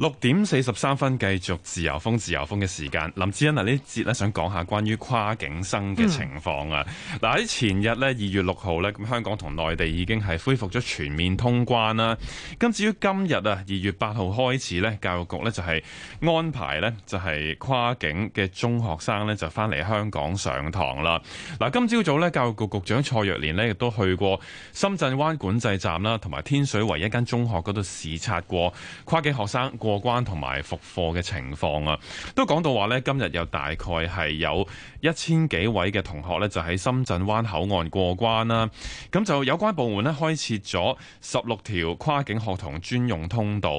六點四十三分，繼續自由風自由風嘅時間。林志恩啊，呢節咧想講下關於跨境生嘅情況啊。嗱喺、嗯、前日呢，二月六號呢，咁香港同內地已經係恢復咗全面通關啦。咁至於今日啊，二月八號開始呢，教育局呢就係安排呢，就係跨境嘅中學生呢就翻嚟香港上堂啦。嗱，今朝早呢，教育局局長蔡若蓮呢亦都去過深圳灣管制站啦，同埋天水圍一間中學嗰度視察過跨境學生。過關同埋複課嘅情況啊，都講到話咧，今日有大概係有一千幾位嘅同學咧，就喺深圳灣口岸過關啦。咁就有關部門咧開設咗十六條跨境學童專用通道，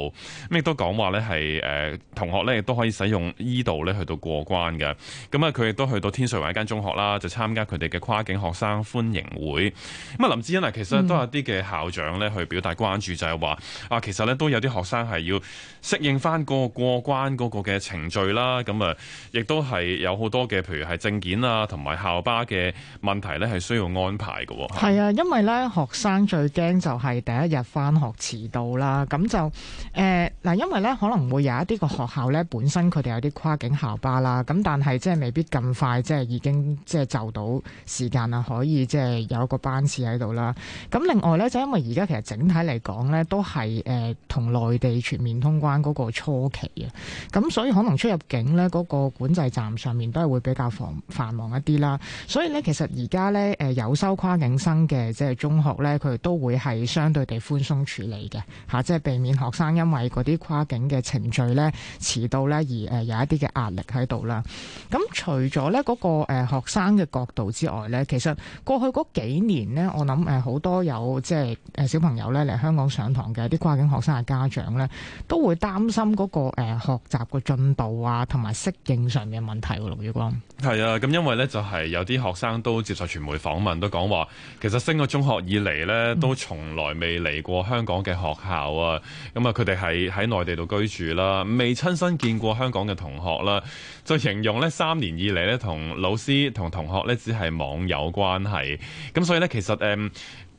咁亦都講話咧係誒同學咧亦都可以使用呢度咧去到過關嘅。咁啊，佢亦都去到天水圍一間中學啦，就參加佢哋嘅跨境學生歡迎會。咁啊，林志恩啊，其實都有啲嘅校長咧去表達關注，嗯、就係話啊，其實咧都有啲學生係要識。應翻個過關嗰個嘅程序啦，咁啊，亦都係有好多嘅，譬如係證件啦，同埋校巴嘅問題咧，係需要安排喎。係啊，因為咧學生最驚就係第一日翻學遲到啦，咁就呃、嗱，因為咧可能會有一啲個學校咧本身佢哋有啲跨境校巴啦，咁但係即係未必咁快，即係已經即係就到時間啊，可以即係有一個班次喺度啦。咁另外咧就因為而家其實整體嚟講咧都係呃、同內地全面通關，嗰個初期啊，咁所以可能出入境咧嗰個管制站上面都係會比較繁繁忙一啲啦。所以咧，其實而家咧，誒有收跨境生嘅即係中學咧，佢都會係相對地寬鬆處理嘅吓，即係避免學生因為嗰啲跨境嘅程序咧遲到咧而誒有一啲嘅壓力喺度啦。咁除咗咧嗰個誒學生嘅角度之外咧，其實過去嗰幾年咧，我諗誒好多有即係誒小朋友咧嚟香港上堂嘅啲跨境學生嘅家長咧，都會擔擔心嗰、那個誒、呃、學習嘅進度啊，同埋適應上嘅問題喎，盧月光係啊，咁、啊、因為咧就係、是、有啲學生都接受傳媒訪問，都講話其實升咗中學以嚟咧，都從來未嚟過香港嘅學校啊，咁啊、嗯，佢哋係喺內地度居住啦，未親身見過香港嘅同學啦，就形容咧三年以嚟咧，同老師同同學咧只係網友關係，咁所以咧其實誒。嗯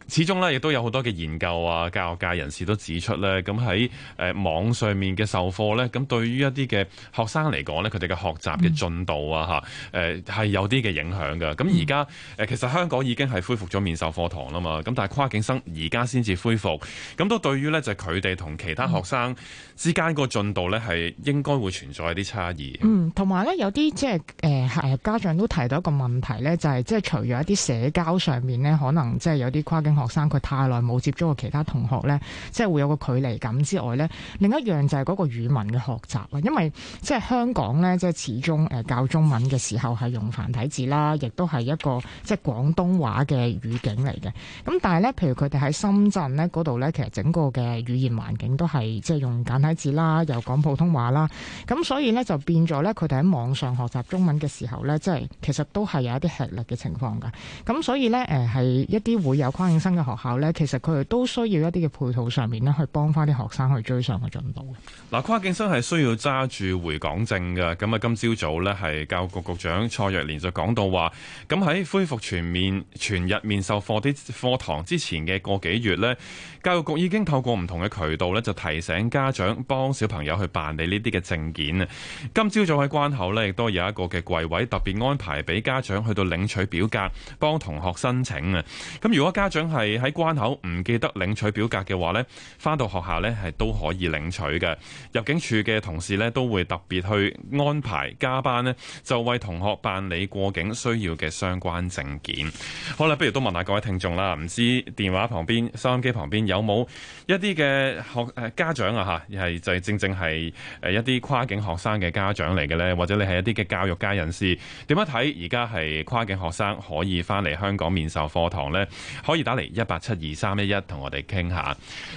始終咧，亦都有好多嘅研究啊，教育界人士都指出咧，咁喺誒網上面嘅授課咧，咁對於一啲嘅學生嚟講咧，佢哋嘅學習嘅進度啊，嚇誒係有啲嘅影響㗎。咁而家誒其實香港已經係恢復咗面授課堂啦嘛，咁但係跨境生而家先至恢復，咁都對於咧就係佢哋同其他學生之間個進度咧係應該會存在一啲差異。嗯，同埋咧有啲即係誒誒家長都提到一個問題咧，就係即係除咗一啲社交上面咧，可能即係有啲跨境學生佢太耐冇接觸過其他同學咧，即係會有個距離感之外咧，另一樣就係嗰個語文嘅學習啦，因為即係香港咧，即係始終誒、呃、教中文嘅時候係用繁體字啦，亦都係一個即係廣東話嘅語境嚟嘅。咁但係咧，譬如佢哋喺深圳咧嗰度咧，其實整個嘅語言環境都係即係用簡體字啦，又講普通話啦，咁所以咧就變咗咧，佢哋喺網上學習中文嘅時候咧，即係其實都係有一啲吃力嘅情況噶。咁所以咧誒，係、呃、一啲會有新嘅學校咧，其實佢哋都需要一啲嘅配套上面咧，去幫翻啲學生去追上去進步。嗱，跨境生係需要揸住回港證嘅。咁啊，今朝早咧，係教育局局長蔡若蓮就講到話，咁喺恢復全面全日面授課啲課堂之前嘅個幾月咧，教育局已經透過唔同嘅渠道咧，就提醒家長幫小朋友去辦理呢啲嘅證件啊。今朝早喺關口咧，亦都有一個嘅櫃位特別安排俾家長去到領取表格，幫同學申請啊。咁如果家長。係喺關口唔記得領取表格嘅話咧，翻到學校咧係都可以領取嘅。入境處嘅同事咧都會特別去安排加班咧，就為同學辦理過境需要嘅相關證件。好啦，不如都問下各位聽眾啦，唔知電話旁邊收音機旁邊有冇一啲嘅學誒家長啊吓，係、啊、就係、是、正正係誒一啲跨境學生嘅家長嚟嘅咧，或者你係一啲嘅教育界人士，點樣睇而家係跨境學生可以翻嚟香港面授課堂咧？可以打嚟。2, 3, 1, 1, 一八七二三一一，同我哋傾下。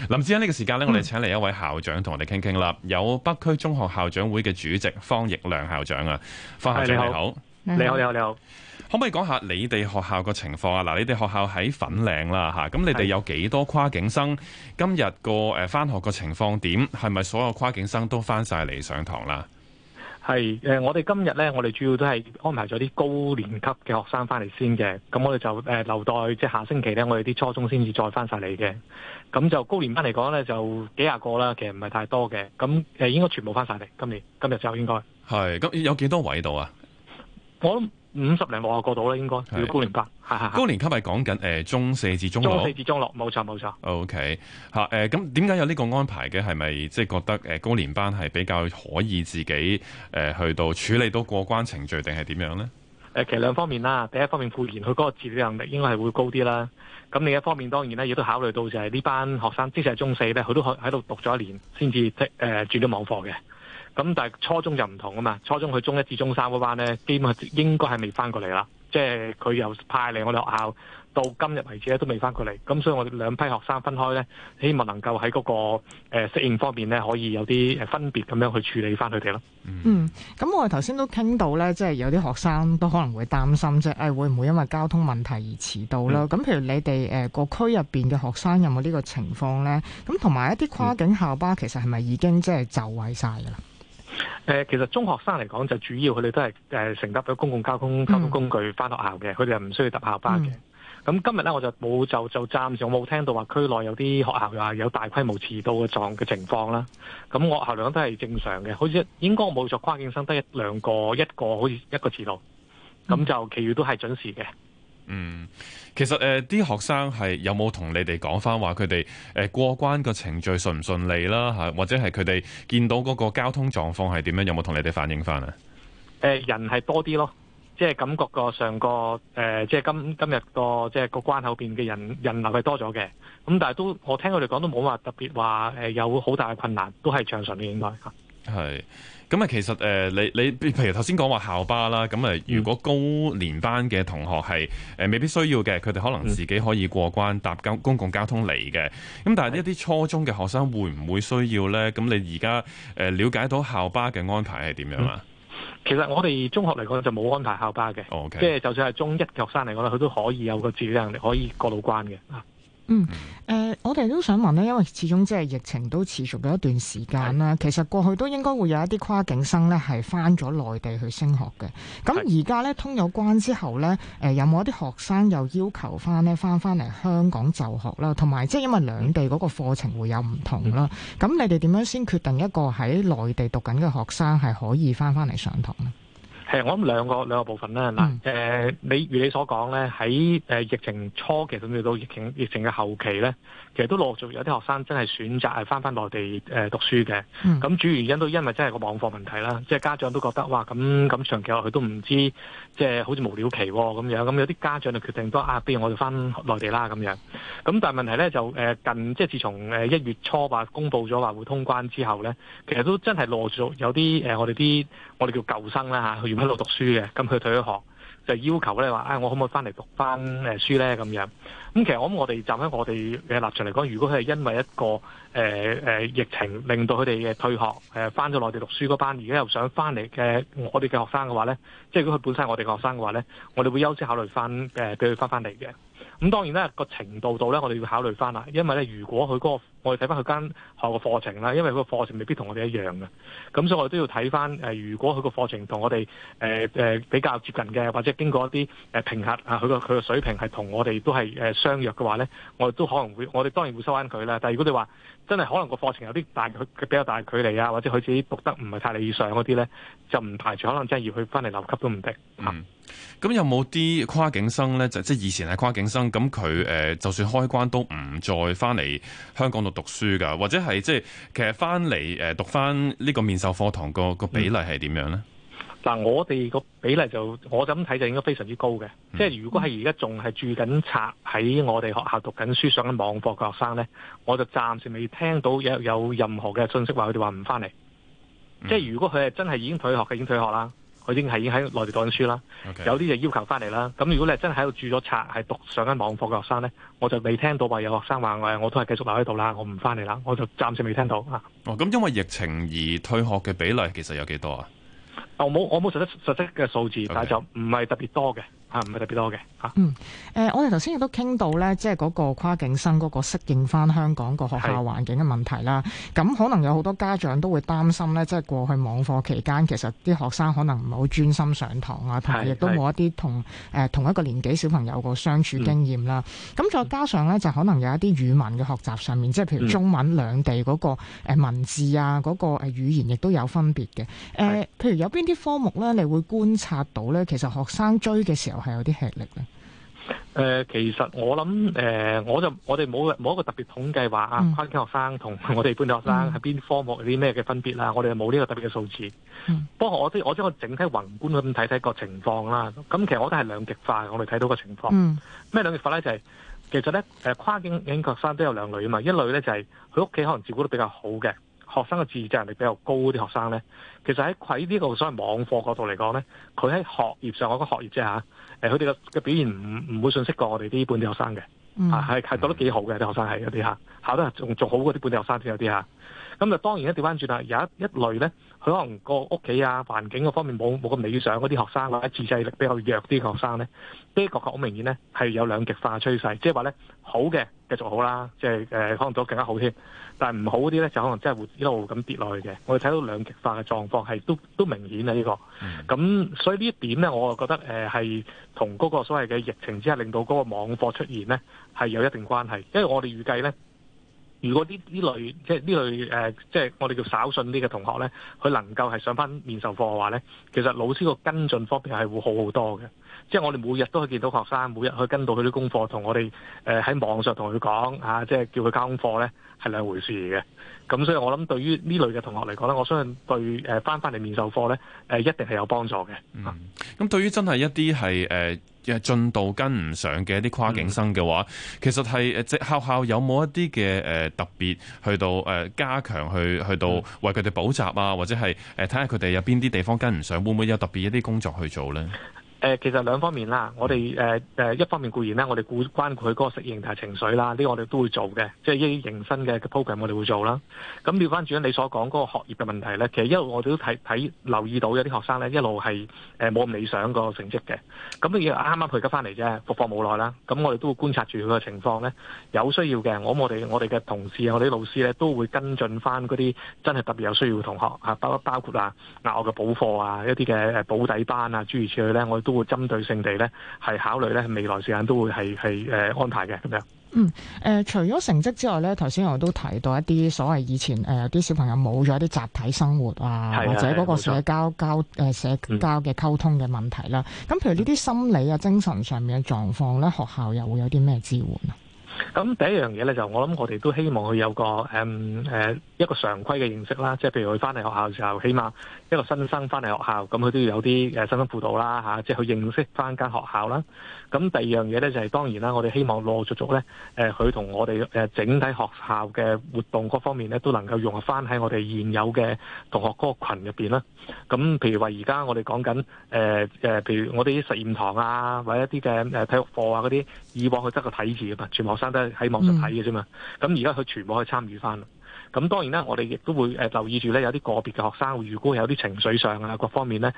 林志恩呢、呢個時間呢我哋請嚟一位校長同我哋傾傾啦。有北區中學校長會嘅主席方奕亮校長啊，方校長你好，你好你好你好，可唔可以講下你哋學校個情況啊？嗱，你哋學校喺粉嶺啦吓，咁你哋有幾多跨境生？今日個誒翻學個情況點？係咪所有跨境生都翻晒嚟上堂啦？係誒、呃，我哋今日咧，我哋主要都係安排咗啲高年級嘅學生翻嚟先嘅，咁我哋就誒、呃、留待即係下星期咧，我哋啲初中先至再翻晒嚟嘅，咁就高年班嚟講咧就幾廿個啦，其實唔係太多嘅，咁誒、呃、應該全部翻晒嚟，今年今日就應該係，咁有幾多位度啊？我諗。五十零個過到啦，應該叫高年班。係係是。高年級係講緊誒中四至中六。中四至中六，冇錯冇錯。錯 OK，嚇、啊、誒，咁點解有呢個安排嘅？係咪即係覺得誒高年班係比較可以自己誒去到處理到過關程序定係點樣咧？誒，其實兩方面啦。第一方面，固然佢嗰個自理能力應該係會高啲啦。咁另一方面，當然咧亦都考慮到就係呢班學生，即使係中四咧，佢都喺度讀咗一年，先至誒轉咗網課嘅。咁但係初中就唔同啊嘛，初中去中一至中三嗰班呢，基本上應該係未翻過嚟啦。即係佢又派嚟我哋學校，到今日為止咧都未翻過嚟。咁所以我哋兩批學生分開呢，希望能夠喺嗰、個誒、呃、適應方面呢，可以有啲分別咁樣去處理翻佢哋咯。嗯，咁我哋頭先都傾到呢，即係有啲學生都可能會擔心，即係會唔會因為交通問題而遲到啦？咁、嗯、譬如你哋誒個區入面嘅學生有冇呢個情況呢？咁同埋一啲跨境校巴、嗯、其實係咪已經即係就位晒㗎啦？誒、呃，其實中學生嚟講就主要佢哋都係誒，乘搭咗公共交通交通工具翻學校嘅，佢哋係唔需要搭校巴嘅。咁、嗯、今日咧，我就冇就就暫時我冇聽到話區內有啲學校話有大規模遲到嘅狀嘅情況啦。咁我校量都係正常嘅，好似應該冇在跨境生得一兩個，一個好似一個遲到，咁就其餘都係準時嘅。嗯嗯，其實誒，啲學生係有冇同你哋講翻話佢哋誒過關個程序順唔順利啦吓，或者係佢哋見到嗰個交通狀況係點樣，有冇同你哋反映翻啊？誒，人係多啲咯，即係感覺個上個誒，即係今今日個即係個關口邊嘅人人流係多咗嘅。咁但係都我聽佢哋講都冇話特別話誒有好大嘅困難，都係暢順嘅應該吓。係，咁啊，其實誒，你你譬如頭先講話校巴啦，咁啊，如果高年班嘅同學係誒未必需要嘅，佢哋可能自己可以過關搭交公共交通嚟嘅。咁但係呢一啲初中嘅學生會唔會需要咧？咁你而家誒了解到校巴嘅安排係點樣啊？其實我哋中學嚟講就冇安排校巴嘅，即係 Okay. 就算係中一學生嚟講，佢都可以有個自理能力，可以過到關嘅。嗯，誒、呃，我哋都想問咧，因為始終即係疫情都持續咗一段時間啦。的其實過去都應該會有一啲跨境生，咧係返咗內地去升學嘅。咁而家咧通有關之後咧，誒、呃，有冇一啲學生又要求返咧返返嚟香港就學啦？同埋即係因為兩地嗰個課程會有唔同啦。咁的你哋點樣先決定一個喺內地讀緊嘅學生係可以返返嚟上堂呢？係，我諗兩個兩個部分啦。嗱、嗯呃，你如你所講咧，喺疫情初期甚至到疫情疫情嘅後期咧，其實都陸續有啲學生真係選擇返翻翻內地誒讀書嘅。咁、嗯、主要原因都因為真係個網課問題啦，即係家長都覺得哇，咁咁長期落去都唔知，即係好似無了期咁、哦、樣。咁有啲家長就決定都啊，不如我哋翻內地啦咁樣。咁但係問題咧就近，即係自從一月初話公布咗話會通關之後咧，其實都真係陸續有啲、呃、我哋啲我哋叫舊生啦吓喺度讀書嘅，咁佢退咗學，就要求咧話，唉、哎，我可唔可以翻嚟讀翻誒書咧？咁樣，咁其實我諗我哋站喺我哋嘅立場嚟講，如果佢係因為一個誒誒、呃、疫情令到佢哋嘅退學，誒翻咗內地讀書嗰班，而家又想翻嚟嘅我哋嘅學生嘅話咧，即係如果佢本身係我哋學生嘅話咧，我哋會優先考慮翻，誒俾佢翻翻嚟嘅。咁當然啦，個程度度咧，我哋要考慮翻啦。因為咧，如果佢嗰個，我哋睇翻佢間學校嘅課程啦，因為佢個課程未必同我哋一樣嘅。咁所以，我哋都要睇翻、呃、如果佢個課程同我哋誒、呃呃、比較接近嘅，或者經過一啲誒評核啊，佢個佢個水平係同我哋都係、呃、相若嘅話咧，我哋都可能會，我哋當然會收翻佢啦。但係如果你話，真係可能個課程有啲大，佢比較大嘅距離啊，或者佢自己讀得唔係太理想嗰啲咧，就唔排除可能真係要佢翻嚟留級都唔定。嗯，咁有冇啲跨境生咧？就即、是、係以前係跨境生，咁佢、誒，就算開關都唔再翻嚟香港度讀書噶，或者係即係其實翻嚟、誒讀翻呢個面授課堂個、那個比例係點樣咧？嗯嗱、啊，我哋個比例就我就咁睇就應該非常之高嘅。即係、嗯、如果係而家仲係住緊宅喺我哋學校讀緊書上緊網課嘅學生咧，我就暫時未聽到有有任何嘅信息話佢哋話唔翻嚟。嗯、即係如果佢係真係已經退學嘅，已經退學啦。佢已經係已經喺內地讀緊書啦。Okay. 有啲就要求翻嚟啦。咁如果你係真係喺度住咗宅係讀上緊網課嘅學生咧，我就未聽到話有學生話我我都係繼續留喺度啦，我唔翻嚟啦。我就暫時未聽到嚇。哦，咁因為疫情而退學嘅比例其實有幾多啊？我冇，我冇實質實質嘅數字，Okay. 但係就唔係特別多嘅。唔係、啊、特別多嘅嚇。啊、嗯，誒、呃，我哋頭先亦都傾到咧，即係嗰個跨境生嗰個適應翻香港個學校環境嘅問題啦。咁是可能有好多家長都會擔心咧，即係過去網課期間，其實啲學生可能唔係好專心上堂啊，同埋亦都冇一啲同誒同一個年紀小朋友個相處經驗啦。咁、嗯、再加上咧，就可能有一啲語文嘅學習上面，嗯、即係譬如中文兩地嗰個誒文字啊，嗰、嗰個誒語言亦都有分別嘅。誒是、呃，譬如有邊啲科目咧，你會觀察到咧？其實學生追嘅時候。係有啲吃力，呃、其實我諗，呃，我就我哋冇冇一個特別統計話啊，嗯、跨境學生同我哋本地學生喺邊科目有啲咩嘅分別啦。我哋冇呢個特別嘅數字。嗯、不過我啲我將個整體宏觀咁睇睇個情況啦。咁其實我都係兩極化，我哋睇到個情況。咩兩極化咧？就係，是、其實咧，誒，跨境境學生都有兩類啊嘛。一類咧就係佢屋企可能照顧得比較好嘅。學生嘅自制能力比較高啲學生咧，其實喺喺呢個所謂網課角度嚟講咧，佢喺學業上我講學業啫下，啊，佢哋嘅嘅表現唔唔會遜色過我哋啲本地學生嘅。啊係係做得幾好嘅啲，嗯、學生係有啲下考得仲仲好過啲本地學生先有啲嚇。咁就當然咧，調翻轉啦，有一一類咧，佢可能個屋企啊、環境嗰方面冇冇咁理想嗰啲學生，喇。或者自制力比較弱啲嘅學生咧，呢個確好明顯咧，係有兩極化趨勢，即係話咧好嘅繼續好啦，即係、呃、可能都更加好添，但係唔好啲咧就可能真係會一路咁跌落去嘅。我哋睇到兩極化嘅狀況係都都明顯啊，呢、這個咁、嗯、所以呢一點咧，我覺得係同嗰個所謂嘅疫情之下令到嗰個網課出現咧係有一定關係，因為我哋預計咧。如果呢呢類,這類、呃、即係呢類即係我哋叫稍信啲嘅同學咧，佢能夠係上翻面授課嘅話咧，其實老師個跟進方面係會好好多嘅。即係我哋每日都去見見到學生，每日去跟到佢啲功課，同我哋喺、呃、網上同佢講，即係叫佢交功課咧係兩回事嘅。咁所以，我諗對於呢類嘅同學嚟講咧，我相信對返翻翻嚟面授課咧、呃、一定係有幫助嘅。咁、嗯、對於真係一啲係誒進度跟唔上嘅一啲跨境生嘅話，嗯、其實係即學校有冇一啲嘅特別去到加強去去到為佢哋補習啊，或者係睇下佢哋有邊啲地方跟唔上，會唔會有特別一啲工作去做呢？誒、呃、其實兩方面啦，我哋誒誒一方面固然啦，我哋顧關顧佢嗰個適應同埋情緒啦，呢、這個我哋都會做嘅，即係一啲迎新嘅 program 我哋會做啦。咁調翻轉，你所講嗰個學業嘅問題咧，其實一路我哋都睇睇留意到有啲學生咧一路係誒冇咁理想個成績嘅。咁亦啱啱培吉翻嚟啫，復課冇耐啦。咁我哋都會觀察住佢嘅情況咧，有需要嘅，我我哋我哋嘅同事同啊，啊，啊，我哋啲老師咧都會跟進翻嗰啲真係特別有需要嘅同學啊，包包括啊額外嘅補課啊，一啲嘅誒補底班啊，諸如此類咧，我哋都。會針對性地咧，係考慮咧，未來時間都會係係誒安排嘅咁樣。嗯，誒、呃，除咗成績之外咧，頭先我都提到一啲所謂以前誒，有啲、呃、小朋友冇咗一啲集體生活啊，啊或者嗰個社交冇錯交誒、呃、社交嘅溝通嘅問題啦。咁、嗯、譬如呢啲心理啊、精神上面嘅狀況咧，學校又會有啲咩支援啊？咁第一樣嘢咧，就我諗我哋都希望佢有個誒誒一個常規嘅認識啦，即係譬如佢翻嚟學校嘅時候，起碼一個新生翻嚟學校，咁佢都要有啲誒新生輔導啦嚇，即係去認識翻間學校啦。咁第二樣嘢咧，就係當然啦，我哋希望陸陸續續咧，誒佢同我哋誒整體學校嘅活動各方面咧，都能夠融合翻喺我哋現有嘅同學嗰個群入邊啦。咁譬如話，而家我哋講緊誒誒，譬如我哋啲實驗堂啊，或者一啲嘅誒體育課啊嗰啲，以往佢執個體字啊嘛，全部學生。得喺網上睇嘅啫嘛，咁而家佢全部可以參與翻。咁當然啦，我哋亦都會留意住咧，有啲個別嘅學生，如果有啲情緒上啊各方面咧，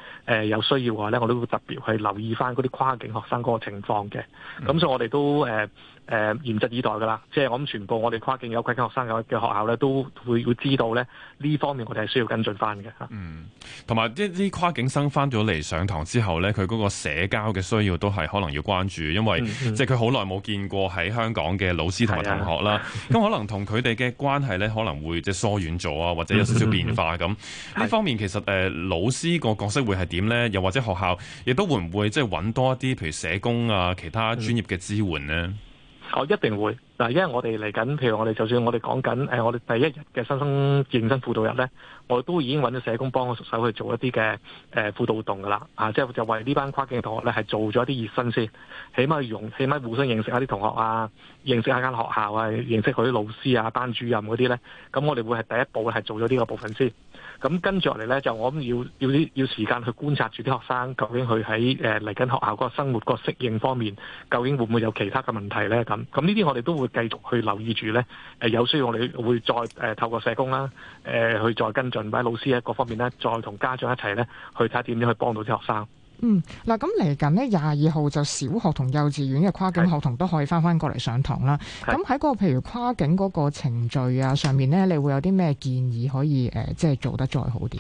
有需要嘅話咧，我都會特別去留意翻嗰啲跨境學生嗰個情況嘅。咁、嗯、所以我，我哋都誒誒嚴陣以待噶啦。即、就、係、是、我諗全部我哋跨境有跨境學生嘅嘅學校咧，都會會知道咧呢方面我哋係需要跟進翻嘅嚇。嗯，同埋啲啲跨境生翻咗嚟上堂之後咧，佢嗰個社交嘅需要都係可能要關注，因為即係佢好耐冇見過喺香港嘅老師同埋同學啦。咁、嗯嗯、可能同佢哋嘅關係咧，可能會。會即係疏遠咗啊，或者有少少變化咁。呢 方面其實誒，呃、 老師個角色會係點咧？又或者學校亦都會唔會即係搵多一啲，譬如社工啊，其他專業嘅支援咧？我、哦、一定會。嗱，因為我哋嚟緊，譬如我哋就算我哋講緊誒，我哋第一日嘅新生認真輔導日咧，我都已經搵咗社工幫我手去做一啲嘅誒輔導活動㗎喇，啊，即係就為呢班跨境嘅同學咧係做咗一啲熱身先，起碼用起碼互相認識下啲同學啊，認識下間學校啊，認識佢啲老師啊、班主任嗰啲咧，咁我哋會係第一步咧係做咗呢個部分先，咁跟住落嚟咧就我諗要要啲要時間去觀察住啲學生究竟佢喺誒嚟緊學校個生活個適應方面，究竟會唔會有其他嘅問題咧？咁咁呢啲我哋都會。繼續去留意住呢，誒有需要我哋會再誒透過社工啦，誒去再跟進，或者老師啊各方面呢，再同家長一齊呢，去睇點樣去幫到啲學生。嗯，嗱咁嚟緊呢，廿二號就小學同幼稚園嘅跨境學童都可以翻翻過嚟上堂啦。咁喺個譬如跨境嗰個程序啊上面呢，你會有啲咩建議可以誒即係做得再好啲？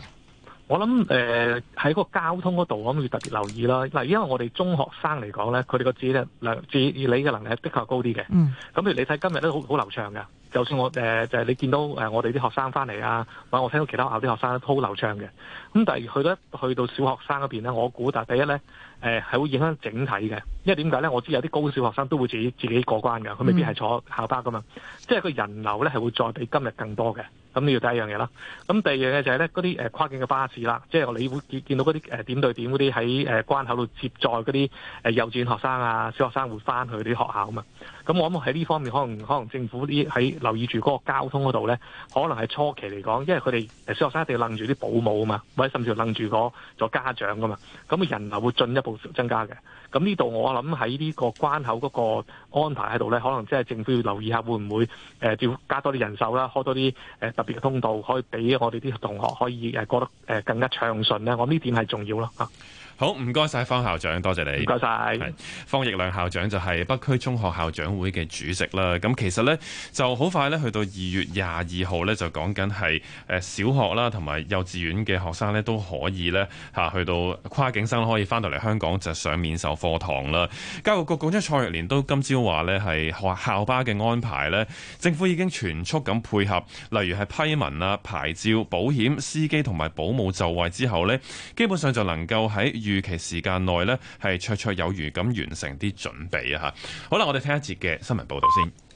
我諗誒，喺、呃、個交通嗰度，我諗要特別留意啦。嗱，因為我哋中學生嚟講咧，佢哋個自理咧，自理嘅能力係的確高啲嘅。嗯。咁譬如你睇今日都好好流暢嘅，就算我誒、呃，就係、是、你見到誒、呃，我哋啲學生翻嚟啊，或者我聽到其他學校啲學生都好流暢嘅。咁但係去到去到小學生嗰邊咧，我估就第一咧。誒係會影響整體嘅，因為點解咧？我知有啲高小學生都會自己自己過關嘅，佢未必係坐校巴噶嘛。嗯、即係佢人流咧係會再比今日更多嘅。咁呢個第一樣嘢啦。咁第二樣嘢就係咧，嗰啲誒跨境嘅巴士啦，即係你會見見到嗰啲誒點對點嗰啲喺誒關口度接載嗰啲誒幼稚園學生啊、小學生會翻去啲學校啊嘛。咁我諗喺呢方面可能可能政府啲喺留意住嗰個交通嗰度咧，可能係初期嚟講，因為佢哋小學生一定要揦住啲保姆啊，或者甚至要揦住個家長噶嘛。咁個人流會進一步增加嘅，咁呢度我諗喺呢個關口嗰個安排喺度咧，可能即係政府要留意下會會，會唔會誒要加多啲人手啦，開多啲誒、呃、特別嘅通道，可以俾我哋啲同學可以誒過得誒更加暢順咧。我呢點係重要咯吓。好，唔該晒方校長，多謝，謝你。唔該晒方奕亮校長就係北區中學校長會嘅主席啦。咁其實咧，就好快咧，去到二月廿二號咧，就講緊係誒小學啦，同埋幼稚園嘅學生咧都可以咧吓，去到跨境生可以翻到嚟香港就上面授課堂啦。教育局局長蔡若蓮都今朝話咧，係學校巴嘅安排咧，政府已經全速咁配合，例如係批文啊、牌照、保險、司機同埋保姆就位之後咧，基本上就能夠喺。預期時間內咧，係綽綽有餘咁完成啲準備啊！吓，好啦，我哋聽一節嘅新聞報導先。